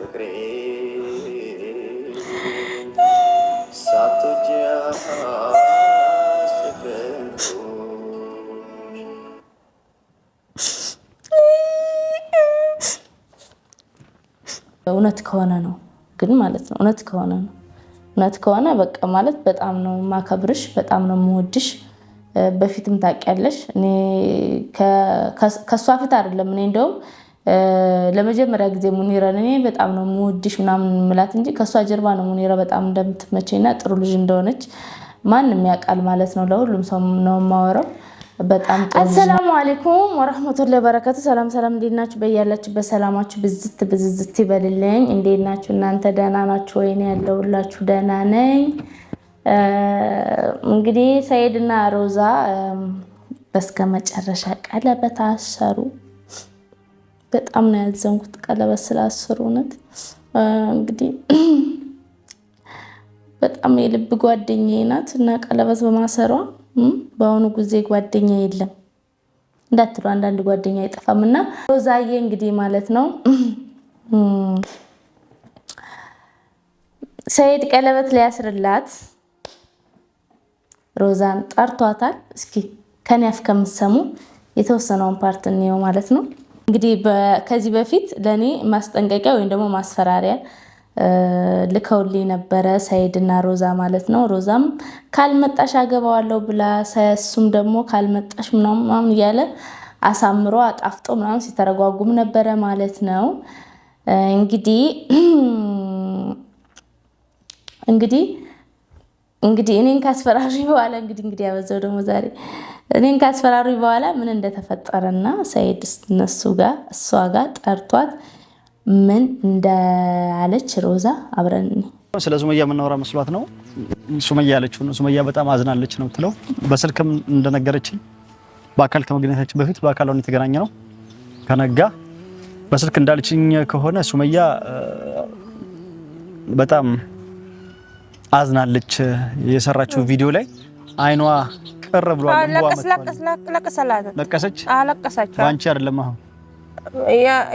ፍቅሬ እውነት ከሆነ ነው ግን ማለት ነው እውነት ከሆነ ነው እውነት ከሆነ በቃ ማለት በጣም ነው ማከብርሽ፣ በጣም ነው የምወድሽ። በፊትም ታውቂያለሽ እኔ ከእሷ ፊት አይደለም እኔ እንደውም ለመጀመሪያ ጊዜ ሙኒራ እኔ በጣም ነው የምወድሽ ምናምን ምላት እንጂ ከእሷ ጀርባ ነው ሙኒራ በጣም እንደምትመቸኝና ጥሩ ልጅ እንደሆነች ማንም ያውቃል ማለት ነው። ለሁሉም ሰው ነው የማወራው። በጣም አሰላሙ አሌይኩም ወረህመቱላ በረከቱ። ሰላም ሰላም፣ እንዴት ናችሁ? በያላችሁበት ሰላማችሁ ብዝት ብዝዝት ይበልልኝ። እንዴት ናችሁ እናንተ? ደህና ናችሁ ወይኔ? ያለሁላችሁ ደህና ነኝ። እንግዲህ ሰኢድና ሮዛ በስከ መጨረሻ ቀለበት አሰሩ። በጣም ነው ያዘንኩት። ቀለበት ስላሰሩ እውነት እንግዲህ በጣም የልብ ጓደኛዬ ናት እና ቀለበት በማሰሯ በአሁኑ ጊዜ ጓደኛ የለም እንዳትሉ አንዳንድ ጓደኛ አይጠፋም። እና ሮዛዬ እንግዲህ ማለት ነው ሰኢድ ቀለበት ሊያስርላት ሮዛን ጠርቷታል። እስኪ ከኔ አፍ ከምትሰሙ የተወሰነውን ፓርት እንየው ማለት ነው። እንግዲህ ከዚህ በፊት ለእኔ ማስጠንቀቂያ ወይም ደግሞ ማስፈራሪያ ልከውልኝ ነበረ፣ ሰይድ እና ሮዛ ማለት ነው። ሮዛም ካልመጣሽ አገባዋለሁ ብላ ሳያሱም ደግሞ ካልመጣሽ ምናምን እያለ አሳምሮ አጣፍጦ ምናምን ሲተረጓጉም ነበረ ማለት ነው። እንግዲህ እንግዲህ እንግዲህ እኔን ካስፈራሪ በኋላ እንግዲህ እንግዲህ ያበዛው ደግሞ ዛሬ እኔን ካስፈራሪ በኋላ ምን እንደተፈጠረና ሰኢድ እነሱ ጋር እሷ ጋር ጠርቷት ምን እንዳለች ሮዛ አብረን ስለ ሱመያ የምናወራ መስሏት ነው። ሱመያ ያለችው ነው። ሱመያ በጣም አዝናለች ነው ትለው በስልክም እንደነገረችኝ በአካል ከመገናኘታችን በፊት በአካል አሁን የተገናኘ ነው። ከነጋ በስልክ እንዳለችኝ ከሆነ ሱመያ በጣም አዝናለች። የሰራችው ቪዲዮ ላይ አይኗ ቅር ብሏል። ለቀሰች አለቀሰች። ባንቺ አይደለም አሁን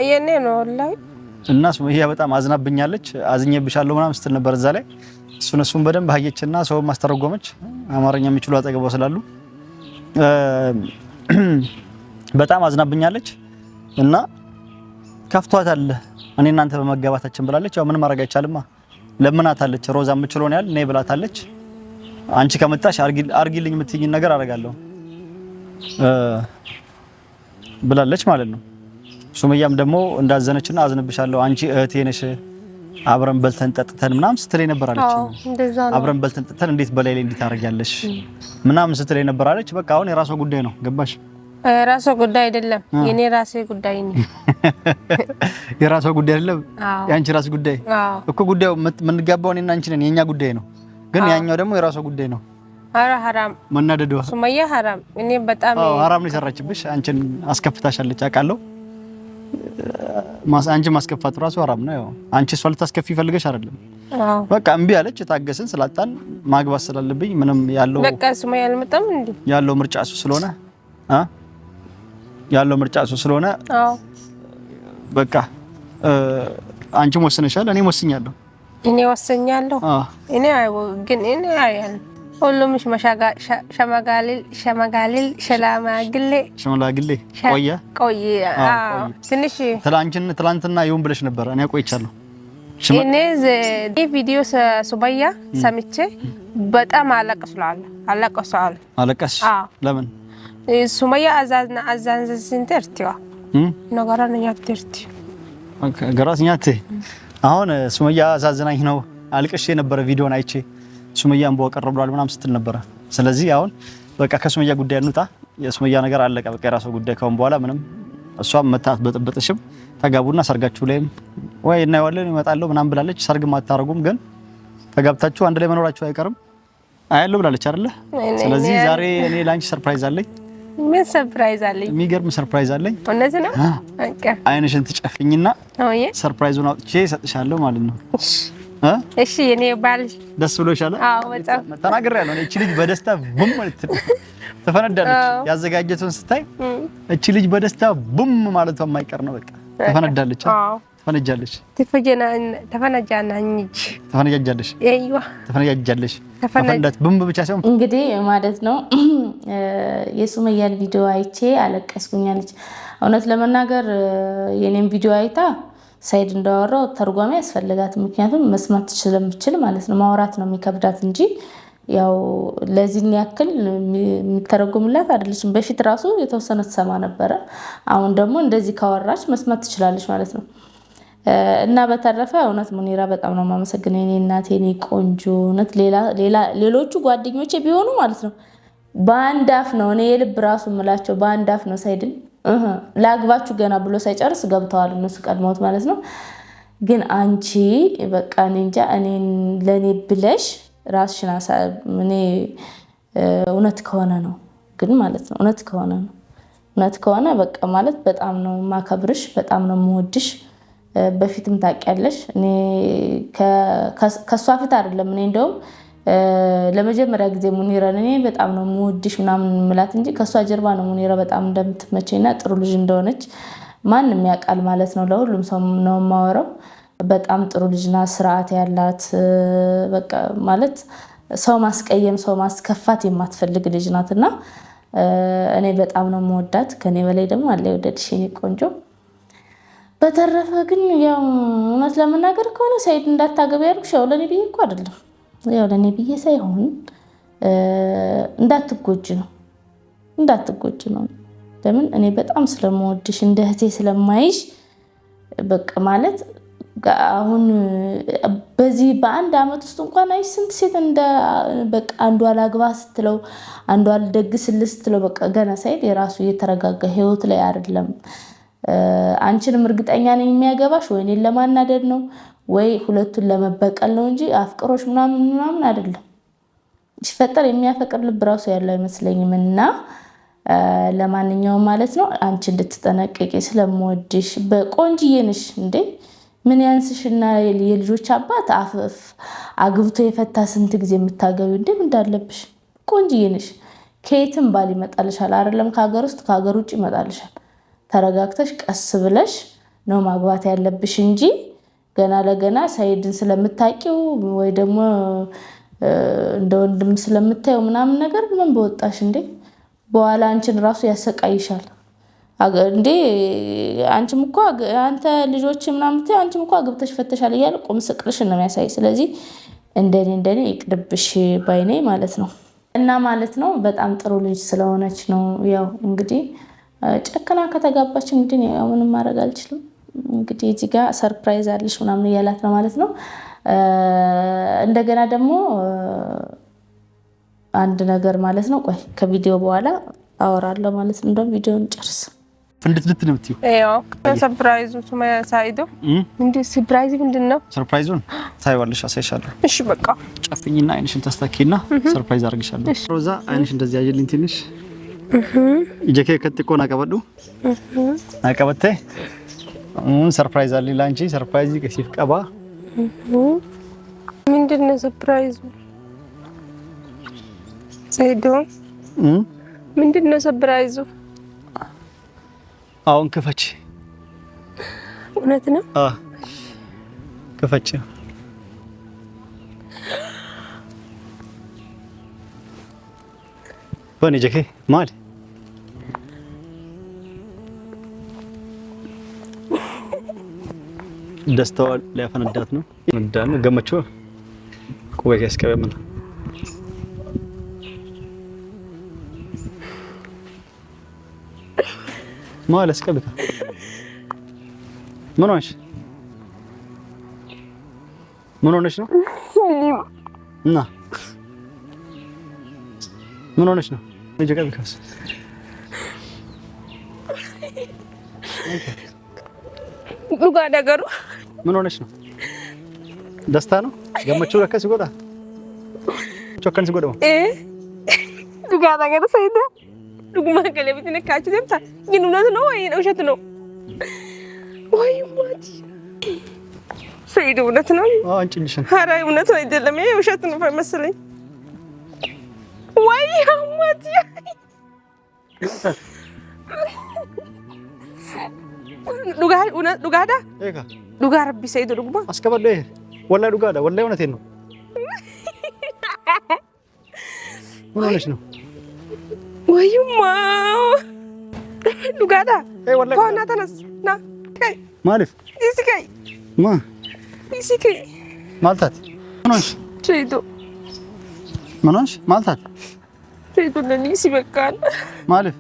የኔ ነው ላይ እናስ ይሄ በጣም አዝናብኛለች፣ አዝኜብሻለሁ ምናምን ስትል ነበር እዛ ላይ እሱን እሱን በደንብ አየችና ሰው ማስተረጎመች አማርኛ የሚችሉ አጠገቧ ስላሉ በጣም አዝናብኛለች እና ከፍቷታል እኔ እናንተ በመጋባታችን ብላለች። ያው ምን ማድረግ አይቻልማ ለምናታለች። ሮዛ የምችለውን ያህል እኔ ብላታለች። አንቺ ከመጣሽ አርጊልኝ የምትይኝ ነገር አደርጋለሁ ብላለች ማለት ነው። ሱመያም ደግሞ እንዳዘነችና አዝንብሻለሁ፣ አንቺ እህቴ ነሽ፣ አብረን በልተን ጠጥተን ምናምን ስትለኝ ነበር አለች። አብረን በልተን ጠጥተን እንዴት በላይ ላይ እንዴት ታደርጊያለሽ ምናምን ስትለኝ ነበር አለች። በቃ አሁን የራሷ ጉዳይ ነው። ገባሽ? የራሷ ጉዳይ አይደለም፣ የኔ ራሴ ጉዳይ ነው። የራሷ ጉዳይ አይደለም፣ የአንቺ ራስ ጉዳይ እኮ። ጉዳዩ የምንጋባው እኔና አንቺ ነን፣ የኛ ጉዳይ ነው። ግን ያኛው ደግሞ የራሷ ጉዳይ ነው። ኧረ ሐራም መናደዷ ሱመያ ሐራም እኔ በጣም ሐራም ነው የሰራችብሽ። አንቺን አስከፍታሻለች አውቃለሁ። አንቺ ማስከፋት ራሱ ሐራም ነው። ያው አንቺ እሷ ልታስከፊ ፈልገሽ አይደለም። በቃ እምቢ አለች። የታገስን ስላጣን ማግባት ስላለብኝ ምንም ያለው በቃ ሱመያ አልመጣም እንዴ ያለው ምርጫ እሱ ስለሆነ አ ያለው ምርጫ እሱ ስለሆነ በቃ አንቺም ወስነሻል፣ እኔም ወስኛለሁ። እኔ ወሰኛለሁ። እኔ ግን እኔ አያል ሁሉም ሸመጋሊል ሸመጋሊል ሸላማግሌ ሸመላግሌ ቆየ ቆየ። ትንሽ ትላንችን ትላንትና ይሁን ብለሽ ነበር። እኔ ቆይቻለሁ። እኔ ቪዲዮ ሱበያ ሰምቼ በጣም አለቀስላለሁ። አለቀስላለሁ። አለቀስሽ? ለምን? ሱመያ አዛዝና አዛንዘ ሲንተርቲዋ ነገራን ያትርት ገራስ አሁን ሱመያ አሳዝናኝ ነው አልቀሽ የነበረ ቪዲዮን አይቼ ሱመያን በወቀር ብሏል ምናም ስትል ነበረ። ስለዚህ አሁን በቃ ከሱመያ ጉዳይ እንውጣ። የሱመያ ነገር አለቀ። በቃ የራሷ ጉዳይ ከሆነ በኋላ ምንም እሷም መታት በጥብጥሽም ተጋቡና ሰርጋችሁ ላይም ወይ እናየዋለን እመጣለሁ ምናም ብላለች። ሰርግም አታረጉም ግን ተጋብታችሁ አንድ ላይ መኖራችሁ አይቀርም አያለሁ ብላለች አይደለ? ስለዚህ ዛሬ እኔ ላንቺ ሰርፕራይዝ አለኝ። ምን ሰርፕራይዝ አለኝ? የሚገርም ሰርፕራይዝ አለኝ። እውነት ነው። በቃ አይንሽን ትጨፍኝና ሰርፕራይዙን አውጥቼ እሰጥሻለሁ ማለት ነው። እሺ እኔ ባል ደስ ብሎሻል? አዎ በጣም ተናግሬያለሁ። እቺ ልጅ በደስታ ቡም ማለት ተፈነዳለች። ያዘጋጀቱን ስታይ እቺ ልጅ በደስታ ቡም ማለቷ የማይቀር ነው። በቃ ተፈነዳለች። አዎ ተፈነጃለሽ ተፈነጃናኝች ተፈነጃጃለሽ ተፈነጃጃለሽ ብንብ ብቻ ሲሆን እንግዲህ ማለት ነው። የሱመያን ቪዲዮ አይቼ አለቀስኩኛለች። እውነት ለመናገር የኔም ቪዲዮ አይታ ሳይድ እንዳወራው ተርጓሚ ያስፈልጋት። ምክንያቱም መስማት ስለምችል ማለት ነው። ማውራት ነው የሚከብዳት እንጂ ያው ለዚህን ያክል የሚተረጉምላት አይደለችም። በፊት ራሱ የተወሰነ ትሰማ ነበረ። አሁን ደግሞ እንደዚህ ካወራች መስማት ትችላለች ማለት ነው። እና በተረፈ እውነት ሙኒራ በጣም ነው የማመሰግነው የኔ እናት ኔ ቆንጆ እውነት። ሌሎቹ ጓደኞቼ ቢሆኑ ማለት ነው በአንድ አፍ ነው እኔ የልብ ራሱ የምላቸው በአንድ አፍ ነው። ሳይድን ለአግባችሁ ገና ብሎ ሳይጨርስ ገብተዋል እነሱ ቀድመውት ማለት ነው። ግን አንቺ በቃ እኔ እንጃ እኔን ለእኔ ብለሽ ራስሽን እኔ እውነት ከሆነ ነው ግን ማለት ነው እውነት ከሆነ ነው እውነት ከሆነ በቃ ማለት በጣም ነው ማከብርሽ፣ በጣም ነው የምወድሽ በፊትም ታውቂያለሽ፣ ከእሷ ፊት አይደለም። እኔ እንደውም ለመጀመሪያ ጊዜ ሙኒረን እኔ በጣም ነው የምወድሽ ምናምን ምላት እንጂ ከእሷ ጀርባ ነው ሙኒረ በጣም እንደምትመቸኝና ጥሩ ልጅ እንደሆነች ማንም ያውቃል ማለት ነው። ለሁሉም ሰው ነው የማወራው። በጣም ጥሩ ልጅና ስርዓት ያላት በቃ ማለት ሰው ማስቀየም ሰው ማስከፋት የማትፈልግ ልጅ ናት እና እኔ በጣም ነው የምወዳት። ከኔ በላይ ደግሞ አለ የወደድሽ የኔ ቆንጆ በተረፈ ግን ያው እውነት ለመናገር ከሆነ ሰይድ እንዳታገቢ ያልኩሽ ያው ለእኔ ብዬ እኮ አይደለም፣ ያው ለእኔ ብዬ ሳይሆን እንዳትጎጅ ነው እንዳትጎጅ ነው። ለምን እኔ በጣም ስለምወድሽ እንደ እህቴ ስለማይሽ በቃ ማለት አሁን በዚህ በአንድ ዓመት ውስጥ እንኳን አይ ስንት ሴት በቃ አንዷ ላግባ ስትለው አንዷ ልደግስልህ ስትለው በቃ ገና ሳይድ የራሱ እየተረጋጋ ህይወት ላይ አይደለም አንቺንም እርግጠኛ ነኝ የሚያገባሽ ወይ እኔን ለማናደድ ነው ወይ ሁለቱን ለመበቀል ነው እንጂ አፍቅሮች ምናምን ምናምን አይደለም። ሲፈጠር የሚያፈቅር ልብ ራሱ ያለው አይመስለኝም። እና ለማንኛውም ማለት ነው አንቺ እንድትጠነቀቂ ስለምወድሽ። በቆንጅዬ ነሽ እንዴ ምን ያንስሽና? የልጆች አባት አፍፍ አግብቶ የፈታ ስንት ጊዜ የምታገቢ እንዴ እንዳለብሽ ቆንጅዬ ነሽ። ከየትም ባል ይመጣልሻል። አይደለም ከሀገር ውስጥ ከሀገር ውጭ ይመጣልሻል። ተረጋግተሽ ቀስ ብለሽ ነው ማግባት ያለብሽ እንጂ ገና ለገና ሳይድን ስለምታቂው ወይ ደግሞ እንደ ወንድም ስለምታየው ምናምን ነገር ምን በወጣሽ እንዴ? በኋላ አንቺን ራሱ ያሰቃይሻል እንዴ። አንቺም እኮ አንተ ልጆች ምናምን አንቺም እኮ አግብተሽ ፈተሻል እያለ ቁም ስቅልሽ ነው የሚያሳይ። ስለዚህ እንደኔ እንደኔ ይቅርብሽ ባይኔ ማለት ነው እና ማለት ነው በጣም ጥሩ ልጅ ስለሆነች ነው ያው እንግዲህ ጨክና ከተጋባች እንግዲህ ምንም ማድረግ አልችልም። እንግዲህ እዚህ ጋር ሰርፕራይዝ አለሽ ምናምን እያላት ነው ማለት ነው። እንደገና ደግሞ አንድ ነገር ማለት ነው። ቆይ ከቪዲዮ በኋላ አወራለሁ ማለት ነው። እንደውም ቪዲዮን ጨርስ እንዴት ነው ትዩ ሰርፕራይዙ ሳይዶ እንዴ ሰርፕራይዝ ምንድን ነው? ሰርፕራይዙን ታይዋለሽ፣ አሳይሻለሁ። እሺ በቃ ጨፍኝና አይንሽን ታስታኪና ሰርፕራይዝ አድርግሻለሁ። ሮዛ አይንሽ እንደዚህ አየልኝ ትንሽ ije kee akkatti xiqqoo naa qabadhu naa ሰርፕራይዝ አለኝ ለአንቺ ሰርፕራይዝ ከሲፍ ቀባ ምንድን ነው ሰርፕራይዙ ሴዶ ምንድን ነው ሰርፕራይዙ አሁን ክፈች እውነት ነው ክፈች ነው Dönecek he. Mal. ደስታዋ ሊያፈነዳት ነው። ነው። አስቀብታ ምን ሆነሽ? ምን ሆነሽ ነው? እና ምን ሆነሽ ነው? Medyo kami kas. ሉጋ ነገሩ ምን ሆነች ነው? ደስታ ነው ገመችው ለከ ሲጎዳ ቾከን ሲጎዳ ኤ ሉጋ ሰይደ ሉጉማ ገለብት ነካችሁ ደምታ ግን እውነት ነው ወይ ውሸት ነው ወይ ማቲ ሰይድ እውነት ነው አንቺ ልሽ እውነት አይደለም ይሄ ውሸት ነው መሰለኝ ወይ አሟት dhugaadha dhugaa rabbi sa'itu dhuguma as qabadhe wallahi dhugaadha wallahi እውነቴን ነው ምን ሆነሽ ነው ወይማ dhugaadha ከሆና ተነስ ና ቀይ ማለፍ ይስቀይ ማ ይስቀይ ማልታት ሆነሽ ሰይዶ ምን ሆንሽ? ማልታት ሬቱን ለኒስ ይበቃል። ማለፍ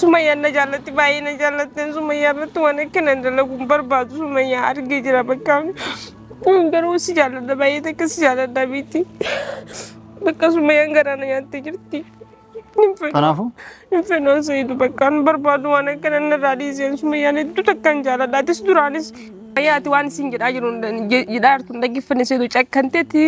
ሱመያ ነጃለት ባይ ነጃለት ሱመያ በት ወነከነ እንደለ ጉንበር ባቱ ሱመያ አድርጌ ጅራ በቃ ጉንበር ውስ ጃለለ ባይ ተከስ ጃለለ ቤቲ በቃ ሱመያ ገራ ነው ያንተ ጅርቲ ተናፉ ኢንፈኖ ሰይዱ በቃ በርባዱ ወነከነ ነዳዲ ዘን ሱመያ ለዱ ተከን ጃለለ አዲስ ዱራንስ Ayyaati waan isin jedhaa jiru jedhaa jirtu hin dhaggeeffanne seetu cakkanteeti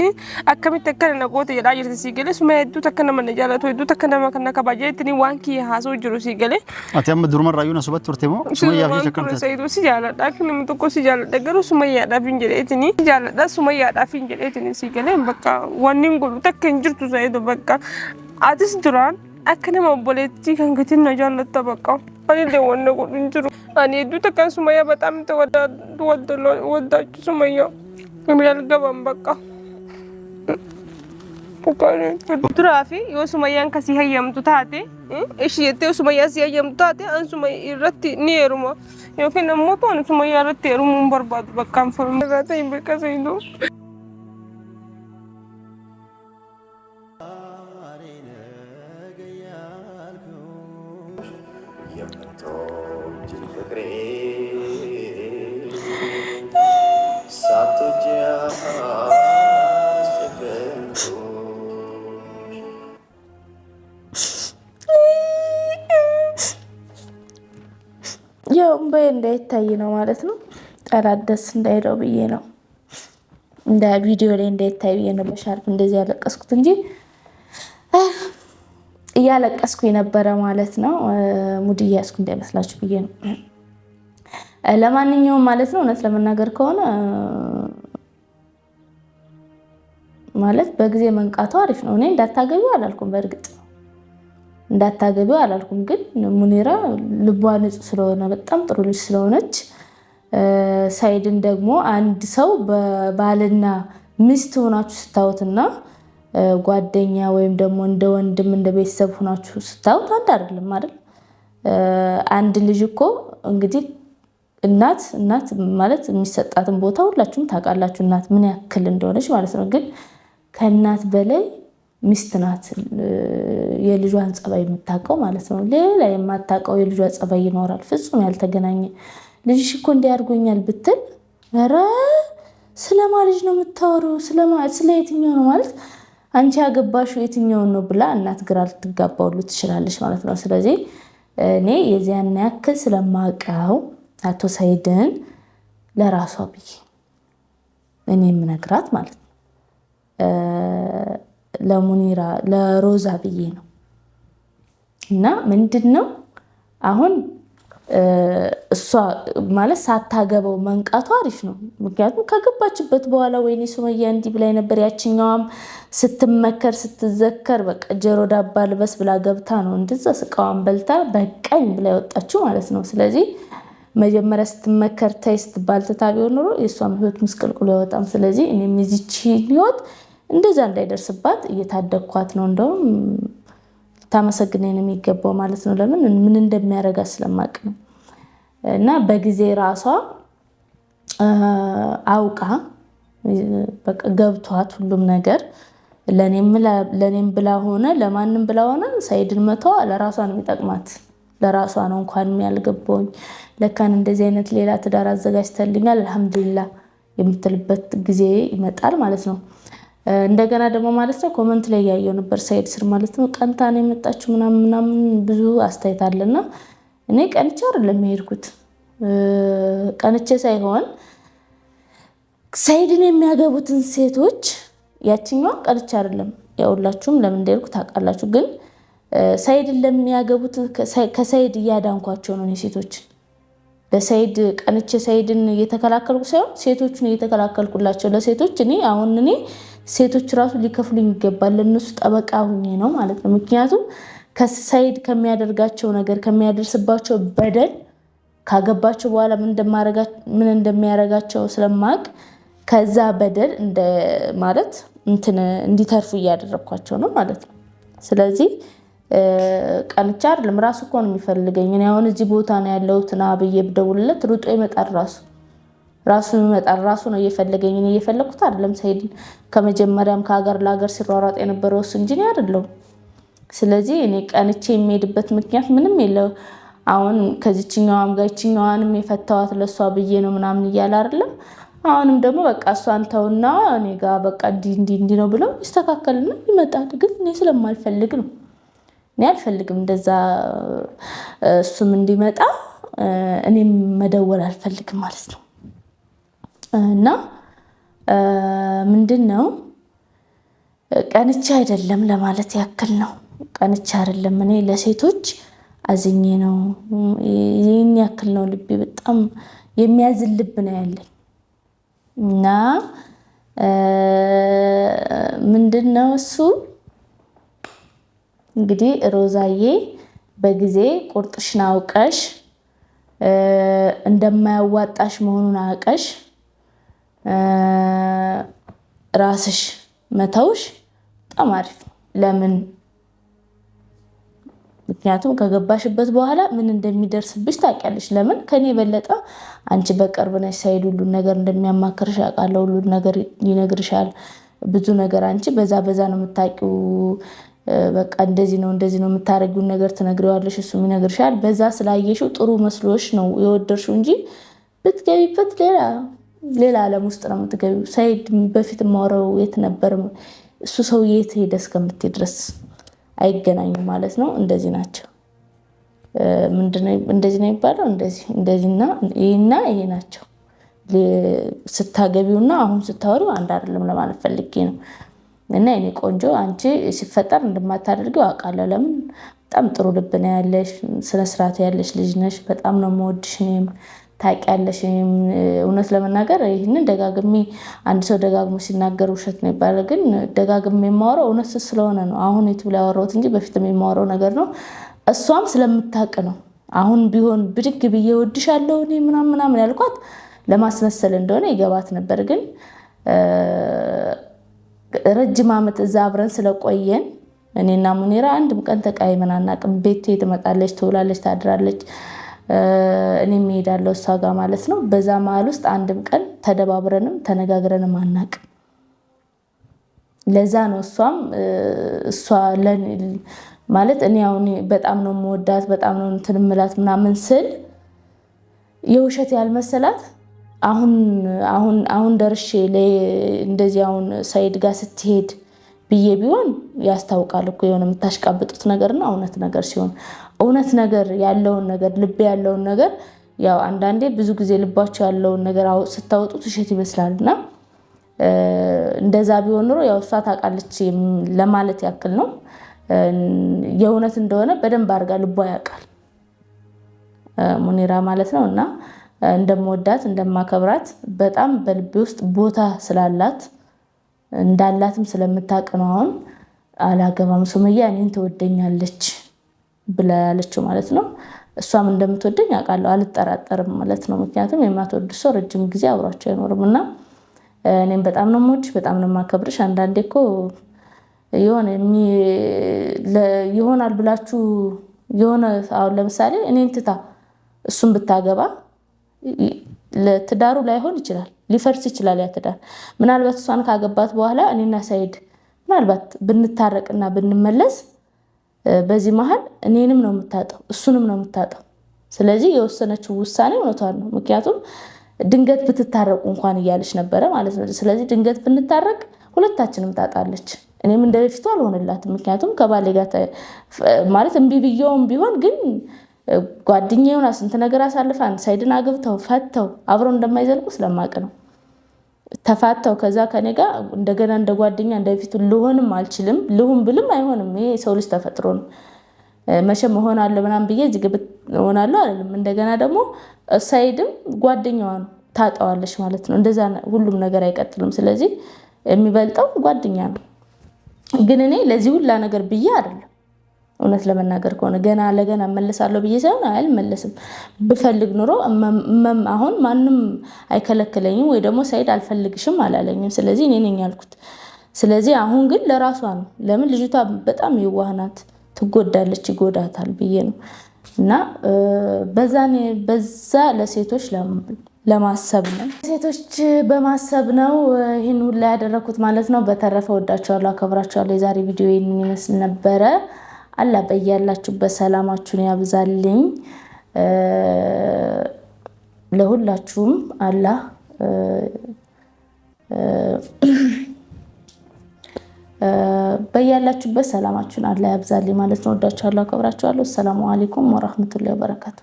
akkamitti akka naqoota jedhaa jirti sii galee suma hedduu takka nama na jaallatu hedduu takka nama kan na kabajaa jettanii waan kiyya haasoo jiru sii galee. Ati amma duruma irraa yuuna subatti turte moo? Suma yaafi cakkamte. Seetu si jaalladha akka nama tokko si jaalladha garuu suma yaadhaaf hin jedheetini jaalladha suma yaadhaaf hin jedheetini sii galee bakka wanni hin godhu takka hin jirtu seetu bakka atis duraan akka nama obboleettii kan gatiin na jaallattaa bakka. Ani illee wanna godhu hin jiru. Ani hedduu takkaan Sumayyaa bataam ta waddaachu Sumayyaa. Milaal gaban bakka. Duraa fi yoo Sumayyaan kasii hayyamtu taate ishii jettee yoo Sumayyaa sii hayyamtu taate an Sumayyaa irratti ni heeruma. Yookiin ammoo toon Sumayyaa irratti heerumuu hin barbaadu bakka hin falu. Irraa ta'in bakka seenuu. ያው እምባዬ እንዳይታይ ነው ማለት ነው። ጠላት ደስ እንዳይለው ብዬ ነው እንደ ቪዲዮ ላይ እንዳይታይ ብዬ ነው በሻርፕ እንደዚህ ያለቀስኩት እንጂ እያለቀስኩ የነበረ ማለት ነው። ሙድ እያያዝኩ እንዳይመስላችሁ ብዬ ነው። ለማንኛውም ማለት ነው እውነት ለመናገር ከሆነ ማለት በጊዜ መንቃቱ አሪፍ ነው። እኔ እንዳታገቢው አላልኩም፣ በእርግጥ እንዳታገቢው አላልኩም። ግን ሙኒራ ልቧ ንጹሕ ስለሆነ በጣም ጥሩ ልጅ ስለሆነች ሳይድን ደግሞ አንድ ሰው በባልና ሚስት ሆናችሁ ስታዩትና ጓደኛ ወይም ደግሞ እንደ ወንድም እንደ ቤተሰብ ሆናችሁ ስታዩት አንድ አይደለም አይደል? አንድ ልጅ እኮ እንግዲህ እናት እናት ማለት የሚሰጣትን ቦታ ሁላችሁም ታውቃላችሁ፣ እናት ምን ያክል እንደሆነች ማለት ነው። ግን ከእናት በላይ ሚስት ናት የልጇን ጸባይ የምታውቀው ማለት ነው። ሌላ የማታውቀው የልጇ ጸባይ ይኖራል፣ ፍጹም ያልተገናኘ ልጅሽ እኮ እንዲህ ብትል ኧረ ስለማ ልጅ ነው የምታወሩ ስለ የትኛው ነው ማለት አንቺ ያገባሹ የትኛውን ነው ብላ እናት ግራ ልትጋባውሉ ትችላለች ማለት ነው። ስለዚህ እኔ የዚያን ያክል ስለማውቀው አቶ ሰይድን ለራሷ ብዬ እኔ የምነግራት ማለት ነው ለሙኒራ ለሮዛ ብዬ ነው እና ምንድን ነው አሁን እሷ ማለት ሳታገባው መንቃቱ አሪፍ ነው። ምክንያቱም ከገባችበት በኋላ ወይኔ ሱመያ እንዲህ ብላይ ነበር ያችኛዋም ስትመከር ስትዘከር በቃ ጀሮ ዳባ ልበስ ብላ ገብታ ነው እንድዛ ስቃዋን በልታ በቀኝ ብላ ያወጣችው ማለት ነው። ስለዚህ መጀመሪያ ስትመከር ተይ ስትባል ትታ ቢሆን ኖሮ የእሷም ህይወት ምስቅልቅሎ አይወጣም። ስለዚህ እኔም የዚች ህይወት እንደዛ እንዳይደርስባት እየታደግኳት ነው እንደውም ልታመሰግነኝ ነው የሚገባው ማለት ነው። ለምን ምን እንደሚያደርጋ ስለማቅ ነው። እና በጊዜ ራሷ አውቃ በቃ ገብቷት ሁሉም ነገር ለእኔም ብላ ሆነ ለማንም ብላ ሆነ ሳይድን መተዋ ለራሷ ነው የሚጠቅማት። ለራሷ ነው እንኳን ያልገባውኝ ለካን እንደዚህ አይነት ሌላ ትዳር አዘጋጅተልኛል አልሐምዱሊላ የምትልበት ጊዜ ይመጣል ማለት ነው። እንደገና ደግሞ ማለት ነው ኮመንት ላይ ያየው ነበር ሳይድ ስር ማለት ነው ቀንታ ነው የመጣችው ምናምን ምናምን ብዙ አስተያየት አለና እኔ ቀንቼ አይደለም የሄድኩት። ቀንቼ ሳይሆን ሳይድን የሚያገቡትን ሴቶች ያችኛዋን ቀንቼ አይደለም። ያውላችሁም ለምን እንደሄድኩ ታውቃላችሁ። ግን ሳይድን ለሚያገቡት ከሳይድ እያዳንኳቸው ነው ሴቶችን ለሳይድ ቀንቼ ሳይድን እየተከላከልኩ ሳይሆን ሴቶቹን እየተከላከልኩላቸው ለሴቶች እኔ አሁን እኔ ሴቶች ራሱ ሊከፍሉኝ ይገባል። ለእነሱ ጠበቃ ሁኜ ነው ማለት ነው። ምክንያቱም ከሳይድ ከሚያደርጋቸው ነገር ከሚያደርስባቸው በደል ካገባቸው በኋላ ምን እንደሚያደርጋቸው ስለማቅ ከዛ በደል ማለት እንትን እንዲተርፉ እያደረግኳቸው ነው ማለት ነው። ስለዚህ ቀንቻ አይደለም ራሱ እኮ ነው የሚፈልገኝ። አሁን እዚህ ቦታ ነው ያለሁት ና ብዬ ብደውልለት ሩጦ ይመጣል ራሱ ራሱ ይመጣል። ራሱ ነው እየፈለገኝ። እኔ እየፈለግኩት አይደለም። ሰኢድ ከመጀመሪያም ከሀገር ለሀገር ሲሯሯጥ የነበረው እሱ እንጂ እኔ አይደለሁም። ስለዚህ እኔ ቀንቼ የሚሄድበት ምክንያት ምንም የለው። አሁን ከዚችኛዋም ጋር ይችኛዋንም የፈታዋት ለእሷ ብዬ ነው ምናምን እያለ አይደለም። አሁንም ደግሞ በቃ እሷን ተውና እኔ ጋ በቃ እንዲህ እንዲህ እንዲህ ነው ብለው ይስተካከልና ይመጣል። ግን እኔ ስለማልፈልግ ነው። እኔ አልፈልግም እንደዛ እሱም እንዲመጣ እኔም መደወል አልፈልግም ማለት ነው። እና ምንድን ነው ቀንቻ አይደለም ለማለት ያክል ነው። ቀንቻ አይደለም እኔ ለሴቶች አዝኜ ነው። ይህን ያክል ነው ልቤ በጣም የሚያዝን ልብ ነው ያለኝ እና ምንድን ነው እሱ እንግዲህ ሮዛዬ በጊዜ ቁርጥሽን አውቀሽ እንደማያዋጣሽ መሆኑን አውቀሽ ራስሽ መተውሽ በጣም አሪፍ ነው። ለምን? ምክንያቱም ከገባሽበት በኋላ ምን እንደሚደርስብሽ ታውቂያለሽ። ለምን? ከኔ የበለጠ አንቺ በቅርብ ነሽ። ሳይድ ሁሉን ነገር እንደሚያማክርሽ አውቃለሁ። ሁሉን ነገር ይነግርሻል። ብዙ ነገር አንቺ በዛ በዛ ነው የምታውቂው። በቃ እንደዚህ ነው እንደዚህ ነው የምታደርጊውን ነገር ትነግሪዋለሽ፣ እሱም ይነግርሻል። በዛ ስላየሽው ጥሩ መስሎሽ ነው የወደድሽው እንጂ ብትገቢበት ሌላ ሌላ ዓለም ውስጥ ነው የምትገቢው። ሳይድ በፊት የማወራው የት ነበር እሱ ሰው የት ሄደ እስከምትድረስ ድረስ አይገናኙም ማለት ነው። እንደዚህ ናቸው። እንደዚህ ነው የሚባለው። እንደዚህና ይህና ይሄ ናቸው። ስታገቢውና አሁን ስታወሪው አንድ አይደለም ለማለት ፈልጌ ነው። እና የኔ ቆንጆ አንቺ ሲፈጠር እንደማታደርገው አውቃለሁ። ለምን በጣም ጥሩ ልብ ነው ያለሽ፣ ስነስርዓት ያለሽ ልጅ ነሽ። በጣም ነው የምወድሽ እኔም ታውቂያለሽ። እውነት ለመናገር ይህንን ደጋግሜ አንድ ሰው ደጋግሞ ሲናገር ውሸት ነው ይባላል። ግን ደጋግሜ የማወራው እውነት ስለሆነ ነው። አሁን ዩቱብ ላይ ያወራሁት እንጂ በፊትም የማወራው ነገር ነው። እሷም ስለምታውቅ ነው። አሁን ቢሆን ብድግ ብዬ ወድሻለሁ እኔ ምናምን ምናምን ያልኳት ለማስመሰል እንደሆነ ይገባት ነበር። ግን ረጅም ዓመት እዛ አብረን ስለቆየን እኔና ሙኒራ አንድም ቀን ተቃይመን አናውቅም። ቤቴ ትመጣለች፣ ትውላለች፣ ታድራለች። እኔ እሄዳለሁ እሷ ጋር ማለት ነው። በዛ መሀል ውስጥ አንድም ቀን ተደባብረንም ተነጋግረንም አናቅ ለዛ ነው እሷም እሷ ማለት እኔ አሁን በጣም ነው የምወዳት በጣም ነው እንትን የምላት ምናምን ስል የውሸት ያልመሰላት አሁን አሁን ደርሼ እንደዚህ አሁን ሳይድ ጋር ስትሄድ ብዬ ቢሆን ያስታውቃል እኮ የሆነ የምታሽቃብጡት ነገርና እውነት ነገር ሲሆን እውነት ነገር ያለውን ነገር ልቤ ያለውን ነገር ያው አንዳንዴ ብዙ ጊዜ ልባቸው ያለውን ነገር ስታወጡት ውሸት ይመስላል እና እንደዛ ቢሆን ኑሮ ያው እሷ ታውቃለች ለማለት ያክል ነው። የእውነት እንደሆነ በደንብ አድርጋ ልቧ ያውቃል ሙኒራ ማለት ነው እና እንደምወዳት እንደማከብራት በጣም በልቤ ውስጥ ቦታ ስላላት እንዳላትም ስለምታቅ ነው አሁን አላገባም ሱመያ እኔን ትወደኛለች ብላ ያለችው ማለት ነው። እሷም እንደምትወደኝ አውቃለሁ አልጠራጠርም ማለት ነው። ምክንያቱም የማትወድ ሰው ረጅም ጊዜ አብሯቸው አይኖርም እና እኔም በጣም ነው የምወድሽ፣ በጣም ነው የማከብርሽ። አንዳንዴ እኮ ይሆናል ብላችሁ የሆነ አሁን ለምሳሌ እኔን ትታ እሱን ብታገባ ለትዳሩ ላይሆን ይችላል ሊፈርስ ይችላል። ያ ትዳር ምናልባት እሷን ካገባት በኋላ እኔና ሳይድ ምናልባት ብንታረቅና ብንመለስ በዚህ መሀል እኔንም ነው የምታጠው፣ እሱንም ነው የምታጠው። ስለዚህ የወሰነችው ውሳኔ እውነቷን ነው። ምክንያቱም ድንገት ብትታረቁ እንኳን እያለች ነበረ ማለት ነው። ስለዚህ ድንገት ብንታረቅ ሁለታችንም ታጣለች። እኔም እንደበፊቱ አልሆንላትም። ምክንያቱም ከባሌ ጋር ማለት እምቢ ብየውም ቢሆን ግን ጓደኛ የሆና ስንት ነገር አሳልፈ አንድ ሳይድን አግብተው ፈተው አብረው እንደማይዘልቁ ስለማቅ ነው። ተፋተው ከዛ ከኔ ጋር እንደገና እንደ ጓደኛ እንደፊቱ ልሆንም አልችልም። ልሁን ብልም አይሆንም። ይሄ ሰው ልጅ ተፈጥሮ ነው። መቼም እሆናለሁ ምናምን ብዬ እዚህ ግብት እሆናለሁ አይደለም። እንደገና ደግሞ ሳይድም ጓደኛዋ ነው ታጣዋለች ማለት ነው። እንደዛ ሁሉም ነገር አይቀጥልም። ስለዚህ የሚበልጠው ጓደኛ ነው። ግን እኔ ለዚህ ሁላ ነገር ብዬ አይደለም እውነት ለመናገር ከሆነ ገና ለገና እመለሳለሁ ብዬ ሳይሆን አልመለስም። ብፈልግ ኑሮ አሁን ማንም አይከለክለኝም፣ ወይ ደግሞ ሳይድ አልፈልግሽም አላለኝም። ስለዚህ እኔ ነኝ ያልኩት። ስለዚህ አሁን ግን ለራሷ ነው። ለምን ልጅቷ በጣም የዋህ ትጎዳለች፣ ይጎዳታል ብዬ ነው እና በዛ ለሴቶች ለማሰብ ነው ሴቶች በማሰብ ነው ይህን ሁላ ያደረኩት ማለት ነው። በተረፈ ወዳቸዋለሁ፣ አከብራቸዋለሁ። የዛሬ ቪዲዮ ይህን ይመስል ነበረ። አላ በያላችሁበት ሰላማችሁን ያብዛልኝ። ለሁላችሁም አላ በያላችሁበት ሰላማችሁን አላ ያብዛልኝ ማለት ነው። ወዳችኋለሁ፣ አከብራችኋለሁ። አሰላሙ አሌይኩም ወራህመቱላሂ ወበረካቱ